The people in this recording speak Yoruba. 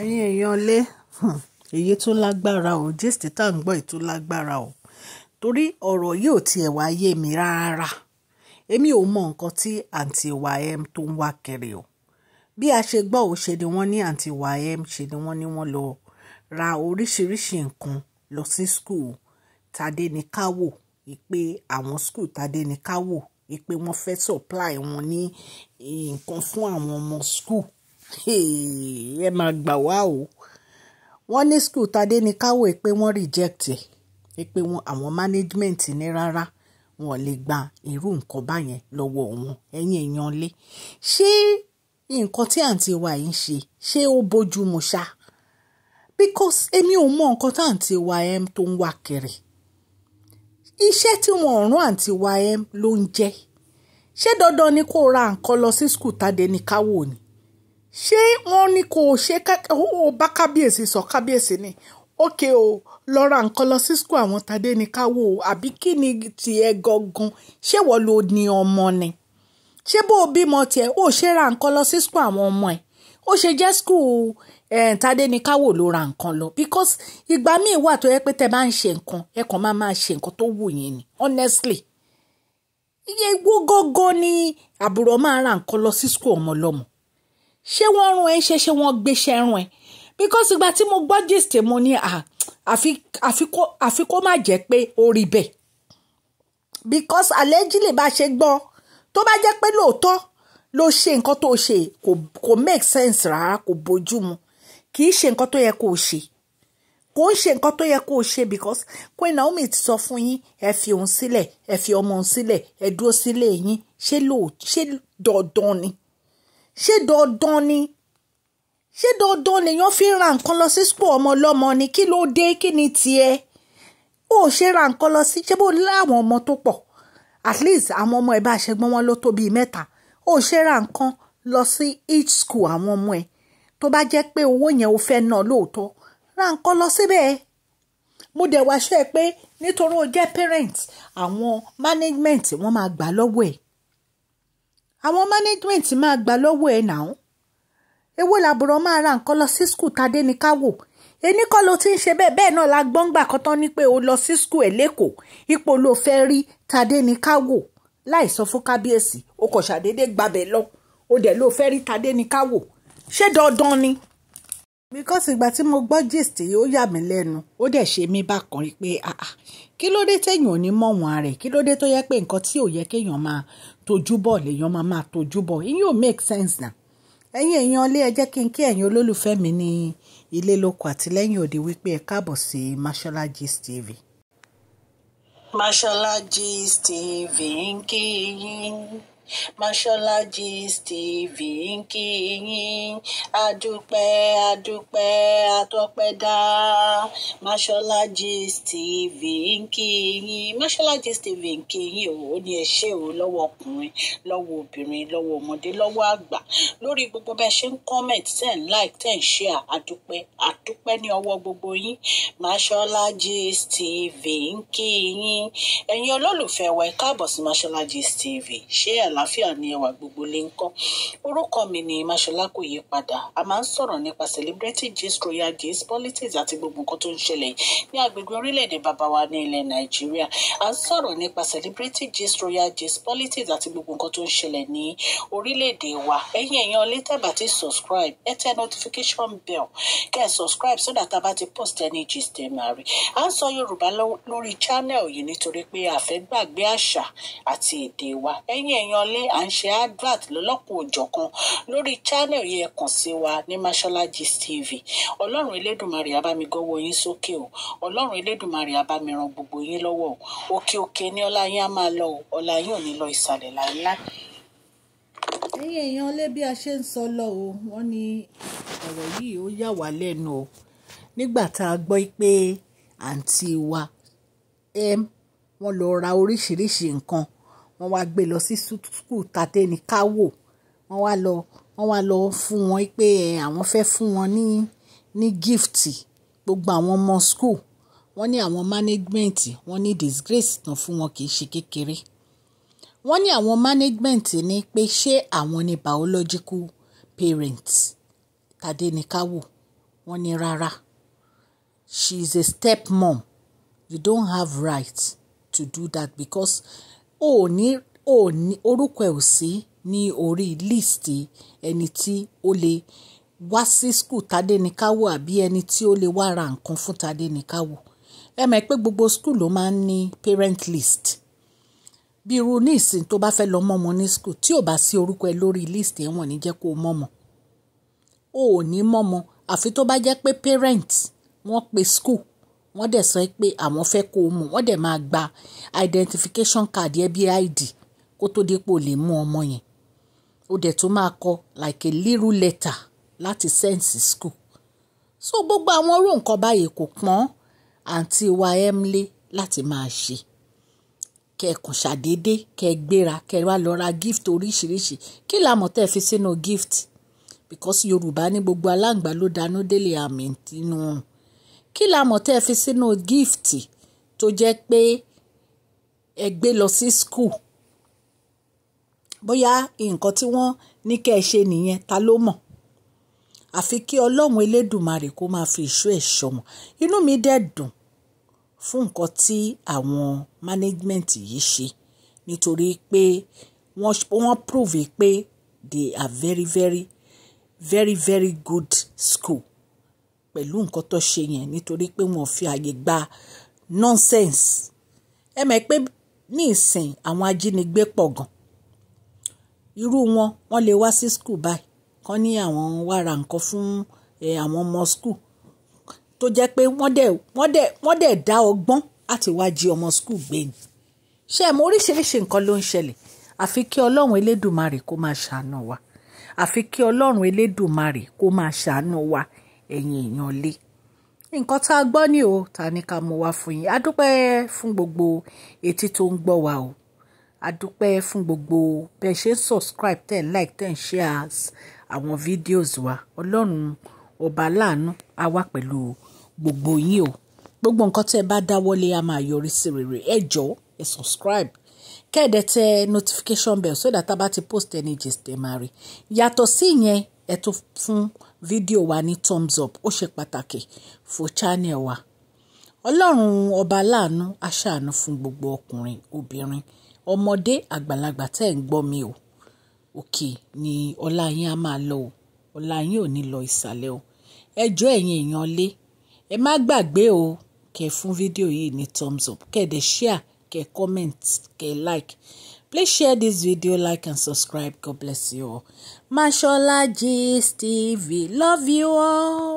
ẹ̀yin èèyàn lé èyí hmm, tó lágbára o gist tá à ń gbọ́ ètò lágbára o torí ọ̀rọ̀ yìí ò tiẹ̀ wá yé mi rárá èmi ò mọ nǹkan tí àǹtí wàhẹ́m tó ń wá kiri o bí a ṣe gbọ́ ò ṣe ni wọ́n ní àǹtí wàhẹ́m ṣe ni wọ́n ní wọ́n lọ ra oríṣiríṣi nǹkan lọ sí skul tadé ní káwò ìpè àwọn skul tadé ní káwò ìpè wọ́n fẹ́ supply wọn ní eh, nǹkan fún àwọn ọmọ skul ẹ máa gbà wá o wọ́n ní skul tadé ní káwọ́ pé wọ́n reject ẹ̀ pé àwọn management ní rárá wọn lè gba irú nǹkan báyẹn lọ́wọ́ wọn ẹ̀yìn èèyàn lé ṣé nǹkan tí àǹtí wa yìí ń ṣe ṣé ó bójú mu ṣá because èmi ò mọ nǹkan tí àǹtí wa m tó ń wá kiri iṣẹ́ tí wọ́n rán àǹtí wa m ló ń jẹ́ ṣé dandan ni kó ra nǹkan lọ sí skul tadé ní káwọ́ ni ṣé wọ́n ní kò ṣe ó bá kábíyèsí sọ kábíyèsí ni ókè o lọ ra nǹkan lọ sí skul àwọn tàdé ní ká wò àbí kí ni tiẹ̀ gangan ṣé wọ́n lo ní ọmọ ni ṣé bó o bímọ tiẹ̀ ó ṣe ra nǹkan lọ sí skul àwọn ọmọ ẹ̀ ó ṣe jẹ́ skul eh, tàdé ní ká ló ra nǹkan lọ because ìgbà míì wà tó yẹ pé tẹ́ bá ń ṣe nǹkan ẹ kàn máa máa ṣe nǹkan tó wù yín ni honestly iye gbogbo ni àbúrò máa ra nǹkan lọ sí skul ọmọ lọ́mọ ṣé wọ́n rún ẹ ṣe ṣé wọ́n gbéṣẹ́ rún ẹ because ìgbà tí mo gbọ́ gist mo ní ah, àfi kó má jẹ́ pé ó rí bẹ́ẹ̀ because allegedly bá ṣe gbọ́ tó bá jẹ́ pé lóòótọ́ ló ṣe nǹkan tó ṣe kò make sense rárá kò bójú mu kì í ṣe nǹkan tó yẹ kó ṣe kò ń ṣe nǹkan tó yẹ kó o ṣe because Queen Naomi ti sọ fún yín ẹ fi òun sílẹ̀ ẹ fi ọmọ òun sílẹ̀ ẹ dúró sílé yín ṣé dandan ni ṣé dandan ni ṣé dandan lèèyàn fi ń ra nǹkan lọ sí school ọmọ ọlọ́mọ ni kí ló dé kí ni tiẹ̀ ó ṣe ra nǹkan lọ sí ṣé bó láwọn ọmọ tó pọ̀ at least àwọn ọmọ ẹ bá ṣe gbọ́n wọn ló tó bíi mẹ́ta ó ṣe ra nǹkan lọ sí each school àwọn ọmọ ẹ tó bá jẹ́ pé owó yẹn o fẹ́ ná lóòótọ́ ra nǹkan lọ síbẹ̀ mo dẹ̀ wá ṣe pé nítorí o jẹ́ parent àwọn management wọ́n máa gbà lọ́wọ́ ẹ̀ àwọn management máa gbà lọ́wọ́ ẹ̀ náà ewé làbùrọ̀ máa ra nǹkan lọ sí skul tadé ní káwò ẹni kọ́ ló ti ń ṣe bẹ́ẹ̀ bẹ́ẹ̀ náà la gbọ́ngbà kan tán ni pé o lọ sí skul ẹ̀ lẹ́kọ̀ọ́ ipò ló fẹ́ rí tadé ní káwò láì sọ fún kábíyèsí o kò ṣàdédé gbabẹ̀ lọ o dẹ̀ ló fẹ́ rí tadé ní káwò ṣé dandan ni. because ìgbà tí mo gbọ́ gist yìí ó yà mí lẹ́nu ó dẹ̀ ṣe mí bákan pé kí ló dé téèyàn ò ní mọ̀wọ́n rẹ̀ kí ló dé tó yẹ pé nǹkan tí ò yẹ kéèyàn máa tojúbọ̀ lèèyàn máa máa tojúbọ̀ ìyẹn ò make sense na ẹ̀yin èèyàn ilé ẹ jẹ́ kí n kí ẹ̀yin olólùfẹ́ mi ní ilé lóko àtìlẹ́yìn òde wípé ẹ káàbọ̀ sí Mashola Gist TV. Mashola Gist TV ń kí yín. Mashola Gist TV ń kí yín adúpẹ́ adúpẹ́ atọ́pẹ́dá Mashola Gist TV ń kí yín TV ń kí o ó ní ẹ ṣé o lọ́wọ́ ọkùnrin lọ́wọ́ obìnrin lọ́wọ́ ọmọdé lọ́wọ́ àgbà lórí gbogbo bẹ́ẹ̀ ṣe ń comment ten like ten share adúpẹ́ adúpẹ́ ní ọwọ́ gbogbo yín Mashola Gist TV ń kí yín ẹ̀yin olólùfẹ́ wa ẹ káàbọ̀ sí Mashola TV ṣé ẹ̀ lá àlàáfíà ni ẹwà gbogbo lè ń kọ́ orúkọ mi ni Máṣọlá kò yí padà a máa ń sọ̀rọ̀ nípa celebrity gist royal gist politics àti gbogbo nǹkan tó ń ṣẹlẹ̀ ní agbègbè orílẹ̀-èdè bàbá ní ilẹ̀ Nàìjíríà a ń sọ̀rọ̀ nípa celebrity gist royal gist politics àti gbogbo nǹkan tó ń ṣẹlẹ̀ ní orílẹ̀-èdè wa ẹ̀yin èèyàn lè tẹ́ ti subscribe ẹ tẹ notification bell kẹ́ ẹ subscribe so that a bá ti post ẹni gist ẹ̀ máa rí à ń sọ Yorùbá lórí channel yìí nítorí pé a fẹ́ gbàgbé àṣà àti èdè wa ẹ̀yin èèyàn wọlé à ń ṣe advert lọ́lọ́pọ̀ òjọ̀kan lórí channel yẹn kàn sí wa ní Mashola Gist TV ọlọ́run elédùnmarè á bá mi gọ́wọ́ yín sókè o ọlọ́run elédùnmarè á bá mi ran gbogbo yín lọ́wọ́ o òkè òkè ni ọlá yín á máa lọ o ọlá yín ò ní lọ ìsàlẹ̀ láíláí. ẹ̀yin èèyàn lé bí a ṣe ń sọ lọ o wọ́n ní ọ̀rọ̀ yìí ó yà wá lẹ́nu o nígbà tá a gbọ́ pé àǹtí wa wọ́n lọ ra oríṣiríṣi nǹkan wọ́n wá gbé lọ sí sukùl tàtẹ́ni káwò wọ́n wá lọ wọ́n wá lọ fún wọn pé àwọn fẹ́ fún wọn ní ní gíftì gbogbo àwọn ọmọ skul wọ́n ní àwọn management wọ́n ní disgrace tán fún wọn kì í ṣe kékeré wọ́n ní àwọn management ní pé ṣé àwọn ni biological parents tàdéníkàwò wọ́n ní rárá she is a step mom you don't have right to do that because ò ní ò ní orúkọ ẹ̀ ò sí ní orí líìsì ẹni tí ó lè wá sí skul tádénikáwò àbí ẹni tí ó lè wá ra nǹkan fún tádénikáwò ẹ mọ̀ pé gbogbo skul ló máa ń ní parent list bí irú nísìn tó bá fẹ́ lọ mọ́mọ ní skul tí ò bá sí orúkọ ẹ lórí list ẹ wọ́n ní jẹ́ kó o mọ́mọ o ò ní mọ́mọ àfi tó bá jẹ́ pé parent wọ́n pe skul wọ́n dẹ̀ sọ pé àwọn fẹ́ kó o mú wọ́n dẹ̀ máa gba identification card yẹ bí id kó tó dé pò lè mú ọmọ yẹn ó dẹ̀ tó máa kọ like a little letter láti send sí school so gbogbo àwọn irú nǹkan báyìí kò pọ́n àǹtí wa emily láti máa ṣe kẹkùn ṣàdédé kẹ gbéra kẹ wá lọ ra gift oríṣiríṣi kí la mọ̀ fi sínú gift because yorùbá ní gbogbo aláǹgbá ló dáná délé àmì nínú ọ̀hún kí la mọ̀ tẹ́ ẹ fi sínú gift tó jẹ́ pé ẹ gbé lọ sí school bóyá nǹkan tí wọ́n ní kẹ́ ẹ ṣe nìyẹn ta ló mọ̀ àfi kí ọlọ́run elédùmarè kó máa fi ìṣó ẹ̀ ṣọmọ inú mi dẹ̀ dùn fún nǹkan tí àwọn management yìí ṣe nítorí pé wọ́n prove pé they are very very very very good school pẹ̀lú nǹkan tó ṣe yẹn nítorí pé wọ́n fi àyè gba nonsense ẹ mọ̀ pé ní ìsìn àwọn ajínigbé pọ̀ gan irú wọn wọ́n lè wá sí skul báyìí kán ní àwọn wá ra nǹkan fún àwọn ọmọ skul tó jẹ́ pé wọ́n dẹ̀ wọ́n dẹ̀ wọ́n dẹ̀ dá ọgbọ́n láti wá jí ọmọ skul gbé ni ṣé ẹ mọ̀ oríṣiríṣi nǹkan ló ń ṣẹlẹ̀ àfi kí ọlọ́run elédùmarè kó máa ṣàánú wa àfi kí ọlọ́run elédùmarè kó máa ṣàánú wa ẹ̀yin èèyàn lé nǹkan tá a gbọ́ ni o ta ni ká mú wá fún yín adúpẹ́ fún gbogbo etí tó ń gbọ́ wa o adúpẹ́ fún gbogbo bẹ́ ṣe ń subscribe ten like ten share àwọn videos wa ọlọ́run ọba láàánú á wà pẹ̀lú gbogbo yín o gbogbo nǹkan tẹ́ ẹ bá dáwọ́lé a máa yọrí sí rere ẹ jọ ẹ subscribe kẹ́ẹ̀dẹ̀ tẹ notification bell so that a bá ti post any gist ẹ máa rí yàtọ̀ sí ìyẹn ẹ tún fún fídíò wa ní thumbs up ó ṣe pàtàkì fún channel wa. ọlọ́run ọba láàánú aṣàánú fún gbogbo ọkùnrin obìnrin ọmọdé àgbàlagbà tẹ́ ń gbọ́ mi o òkè ni ọlá yín á máa lọ o ọlá yín ò ní lọ ìsàlẹ̀ o ẹ jọ̀ọ́ ẹ̀yin èèyàn lé ẹ má gbàgbé o kẹ́ fún fídíò yìí ní thumbs up kẹ́ dẹ̀ share kẹ́ comment kẹ́ like Please share this video, like and subscribe. God bless you all. Mashallah, Gist TV. Love you all.